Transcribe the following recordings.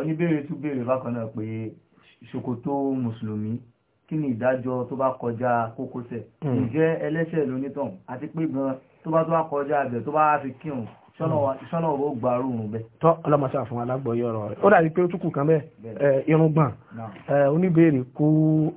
oníbèrè tún béèrè bákan náà pé ṣòkòtò mùsùlùmí kí ni ìdájọ́ tó bá kọjá kókósẹ̀ hmm. ǹjẹ́ ẹlẹ́ṣẹ̀ lónítàn àti pé gan tó bá tó bá kọjá abẹ tó bá fi kírun sọ́nà ọ̀rọ̀ gbàrú òun bẹ́ẹ̀. tọ́ ọlọ́mọṣẹ́ àfọ̀n alágbọ̀yọ̀ ọ̀rọ̀ rẹ̀ ó dàbí pé ó túkù kan bẹ́ẹ̀ irùngbọ̀n oníbèrè kó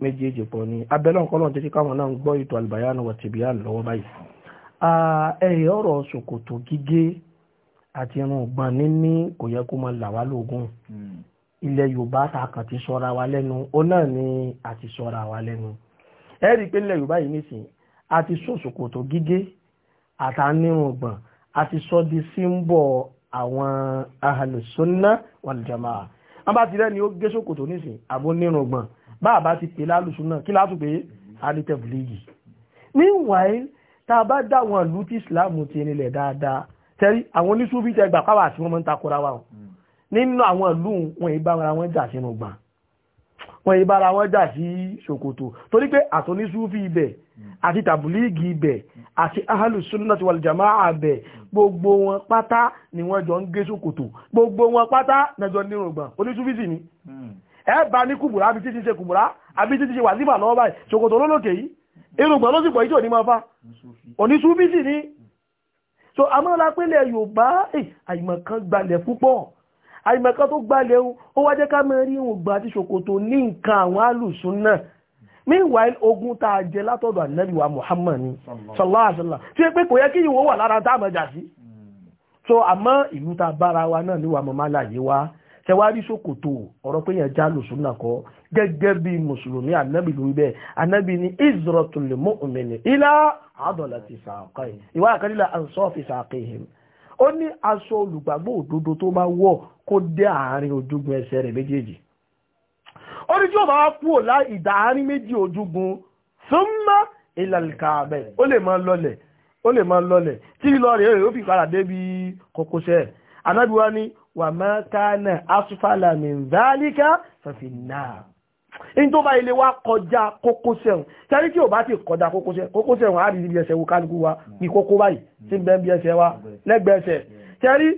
méjèèjì pọ̀ ni abẹ́lẹ́ jẹ́ káwọn náà ń gbọ́ ètò àlùbáyà náà wọ̀ tìbíyà lọ́wọ́ àti irun ọ̀gbọ̀n níní kò yẹ kó máa là wá lóògùn hmm. ilẹ̀ yorùbá ta kàn ti sọra wa lẹ́nu ó náà ni a ti sọra wa lẹ́nu ẹ rí i pé ilẹ̀ yorùbá yìí nísìnyí a ti sọ ṣòkòtò gígé àtànírun ọ̀gbọ̀n a sọ di símbọ̀ àwọn ahàlùsọ́nà wàlùjàmá wọn bá ti rẹ́ni ó gé ṣòkòtò nísìnyí àbó nírun ọ̀gbọ̀n bá a bá ti pè lálùsọ́nà kí látù pé aditẹ́bù léyìí meanwhile tá a bá dá àwọn ìlú tí islam ti nílẹ̀ dáadáa sẹ́rí àwọn oníṣúfí tẹ gbà káwà sí wọn mọ́ ń takora wa hmm. nínú àwọn ìlú wọn ìbára wọn jà sínú gbà wọn ìbára wọn jà sí ṣòkòtò torí pé àtọ́níṣúfí ibẹ̀ hmm. àti tàbùlíìgì ibẹ̀ hmm. àti ahlu sunnati wal jamaa gbogbo wọn pátá ni wọ́n jọ ń gé ṣòkòtò gbogbo wọn pátá nẹjọ nínú gbà oníṣúfí sì ni ẹ bá ní kùbùrá àbí títí ṣe kùbùrá àbí títí ṣe wà nífà lọ́wọ́ báyìí ṣòkòtò lólòkè yìí irùngbọ̀n ló sì pọ̀ yìí tí ò ní máa fa oníṣúfí sì ni so amọ́ra pẹ́lẹ̀ Yorùbá eh, àìmọ̀kan gbalẹ̀ púpọ̀ àìmọ̀kan tó gbalẹ̀ ó wá jẹ́ ká mọ̀ rí òun gbà tí ṣòkòtò ní nǹkan àwọn alùsùn náà meanwhile ogun tá a jẹ látọ̀dọ̀ ànábì wa Muhammad ni sallallahu alaihi wasallam tí ó pé kò yẹ kí ìwọ wà lára tá a jà sí hmm. so àmọ́ ìlú ta bára wa náà ní wa mọ̀ má láyé wa ṣẹwárí ṣòkòtò ọ̀rọ̀ pé yẹn já lùsùn náà kọ́ gẹ́gẹ́ bí mùsùlùmí ànábì ló wí bẹ́ẹ̀ ànábì ní izratul mu'mini ila adolati saqai ìwà àkàlílà ansofi saqihim ó ní aṣọ olùgbàgbọ́ òdodo tó bá wọ̀ kó dé àárín ojúgun ẹsẹ̀ rẹ̀ méjèèjì ó ní tí ó bá wá kúrò ìdá àárín méjì ojúgun thumma ila ó lè máa lọlẹ̀ tí lílọ rẹ̀ ó fi padà débi kókósẹ̀ ànábì wá ní wàmọ́kánà asúfàlàmì ń dálíkà fàfinnáà in tó bá ilé wa kọjá kókósẹ̀ ọ̀hún tẹ́rí tí ò bá ti kọjá kókósẹ̀ kókósẹ̀ ọ̀hún àrí ibi ẹsẹ̀ wo kálukú wa ní kókó báyìí tí ń bẹ́ bí ẹsẹ̀ wa lẹ́gbẹ̀ẹsẹ̀ tẹ́rí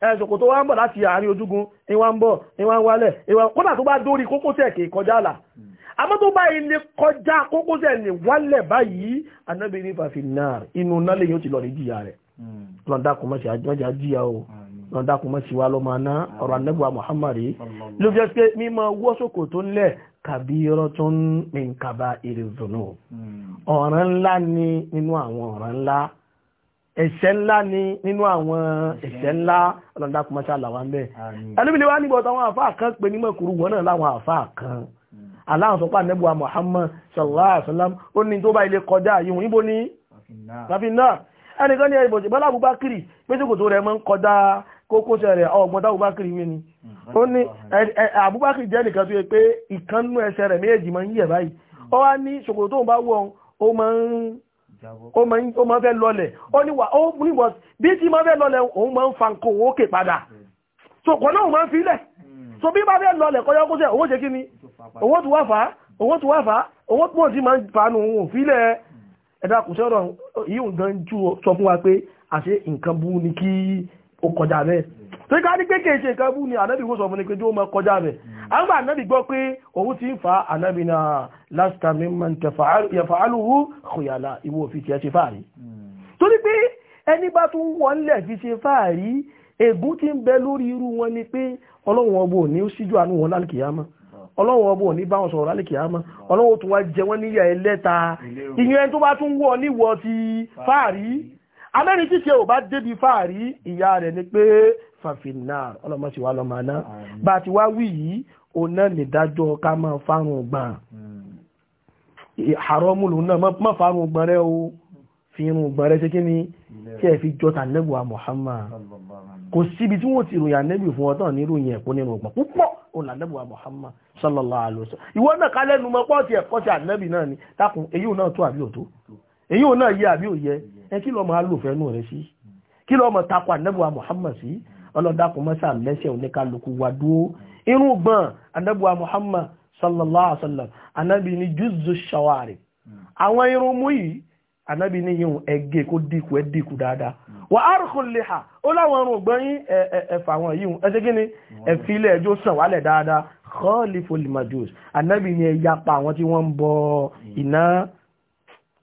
ẹ̀sùnkò tó wá ń bọ̀ láti àárín ojúgun ni wá ń bọ̀ ni wá ń wálẹ̀ kódà tó bá dórí kókósẹ̀ kì í kọjá àlà àmọ́ tó bá ilé kọjá kókósẹ̀ ní wálẹ̀ lọ ní jìyà hmm. wa lọ́mọ aná ọ̀rọ̀ anábìwá Muhammad ló jẹ́ pé mímọ wọ́sọ̀kò tó ń lẹ̀ kabiratun min kaba'iri dhunub ọ̀ràn ńlá ni nínú àwọn ọ̀ràn ńlá ẹ̀ṣẹ̀ ńlá ni nínú àwọn ẹ̀ṣẹ̀ ńlá ọlọ́dá kò mọ́ṣá làwọn ń bẹ̀. ẹlẹ́bìlì wa níbi ọ̀tọ̀ àwọn àfáà kan pè ní mọ̀kúrú wọn náà láwọn àfáà kan hmm. aláwọn sọpá nẹ́bùwà Muhammad sallallahu alaihi wasallam ó ní tó bá ilé kọjá yìí níbo ní rafinna ẹnìkan ní ẹ̀bọ̀jẹ̀ bọ́lá Abubakar pé tí kò tó rẹ̀ mọ́ ń kọjá ó ní Abubakar jẹ́ nìkan tó yẹ pé ìkannú ẹsẹ̀ rẹ̀ méjèèjì máa ń yẹ̀ báyìí ó wá ní ṣòkòtò tóun bá wọ̀ ó máa ń ó máa ń fẹ́ lọlẹ̀ ó ní wà ó ní wọ́n bí tí máa fẹ́ lọlẹ̀ òun máa ń fa nǹkan òun òkè padà ṣòkò náà máa ń filẹ̀ so bí bá fẹ́ lọlẹ̀ kọjọ́ kó sẹ́ owó ṣe kí ni owó tí wá fà á owó tí wá fà á owó tí wọ́n ti máa ń fa nù òun òfilẹ̀ ẹ̀dá kò sọ̀rọ̀ yìí ò gan ju sọ fún wa pé àṣé ó kọjá bẹ́ẹ̀ tó ká ní pé kìí ṣe nǹkan bú ni ànábì wó sọ fún ni pé jó mọ kọjá bẹ́ẹ̀ àgbà ànábì gbọ́ pé òun ti ń fa ànábì náà lásìkà mímọ́ yẹfàálùwú kòyàlà ìwò òfin tiẹ̀ ṣe fáàrí torí pé ẹni bá tún wọlẹ̀ fi ṣe fáàrí ègún ti ń bẹ lórí irú wọn ni pé ọlọ́run ọbọ̀ ní ó síjú àánú wọn lálùkìyàmọ́ ọlọ́run ọbọ̀ ní bá wọn sọ̀rọ̀ lálẹ́ kìámọ́ ọlọ́run tó wá jẹ wọ́n níyà ẹlẹ́ta ìyẹn tó bá tún wọ́ ti fáàrí amẹ́rin tí ṣe ò bá débi fáàrí ìyá rẹ̀ ni pé fàfinà ọlọ́mọṣẹ́ wa lọ́mọ aná bá a ti wá wí yìí òun náà nìdájọ́ ká máa fárun gbọ̀n hmm. àrọ́mù náà má fárun gbọ̀n rẹ o fi irun gbọ̀n rẹ ṣe kí ni kí ẹ fi jọta nẹ́bùwà Muhammad kò síbi tí wọ́n ti ròyìn ànẹ́bì fún ọtọ́ ní ròyìn ẹ̀kọ́ nínú ọgbọ̀n púpọ̀ òun ànẹ́bùwà Muhammad sallallahu alaihi wasallam ìwọ náà kálẹ́nu mọ́ pọ́ọ̀tì ẹ̀kọ́ ti ànẹ́bì náà ni dákun èyí ò náà tó àbí òtó èyí ò náà yẹ àbí òyẹ ẹ kí lọ máa lò fẹ́nu rẹ sí kí lọ máa takwa anábùwà Muhammad sí ọlọ́dàkùn mọ́sà lẹ́sẹ̀ oníkálukú wa dúró irun gbọ̀n anábùwà Muhammad sallallahu alaihi wa sallam anábì ní jùzù ṣàwárì àwọn irun mú yìí anábì ní yìí ẹgẹ kó dínkù ẹ dínkù dáadáa wà á rúkọ lèha ó láwọn irun gbọ̀n yín ẹ̀fà àwọn yìí ẹsẹ̀ kí ni ẹ̀fí ilé ẹjọ́ sàn wálẹ̀ dáadáa khaliful majus anábì ní ẹ yapa àwọn tí wọ́n ń bọ iná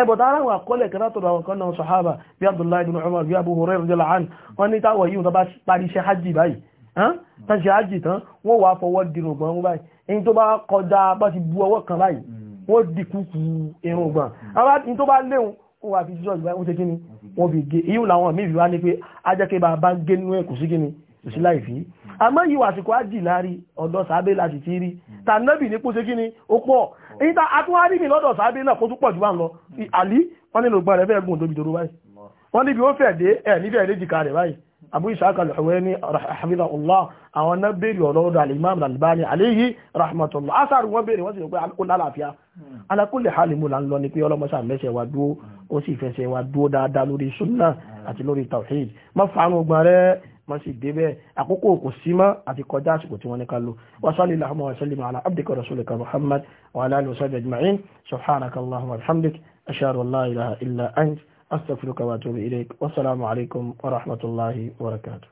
ẹbọ̀ dára wà kọ́lẹ̀ kẹta tọ̀rọ àwọn kan náà sọ̀hábà bí Abdullahi bin Umar bí Abu Hurairah jẹ́ láàrín wọ́n ní táwọ̀ yíò tán bá parí iṣẹ́ hajji báyìí tán ṣe hajji tán wọ́n wà fọwọ́ dìrùn gbọ́n báyìí in tó bá kọjá bá ti bu ọwọ́ kan báyìí hmm. wọ́n dì kúkú irun gbọ́n hmm. àbá in tó bá léhun hmm. kó wà fi jíjọ́ ìgbà ó èyí tá àtúwárí mi lọ́dọ̀ sábẹ́ náà kó tún pọ̀ jù bá ń lọ àlí wọ́n nílò gbọ́n rẹ̀ fẹ́ gùn tóbi dòrò báyìí wọ́n níbi ó fẹ́ dé ẹ̀ níbẹ̀ lè jìkà rẹ̀ báyìí abu isaka al-huwaini rahimahullah àwọn náà bèèrè ọlọ́rọ̀ al-imam al-albani alayhi rahmatullah asaru wọn bèèrè wọ́n sì pé ó lálàáfíà hmm. ala kulli hal mú la ń lọ ní pé ọlọ́mọsá mẹ́sẹ̀ wa dúó hmm. ó sì fẹsẹ̀ wa dúó dáadáa lórí sunna hmm. àti lórí tawhid má fàánù gbọ́n rẹ̀ wọ́n sì débẹ̀ àkókò kò sí mọ́ àti kọjá àsìkò tí wọ́n ní ká lò wasali wa sallim wa ala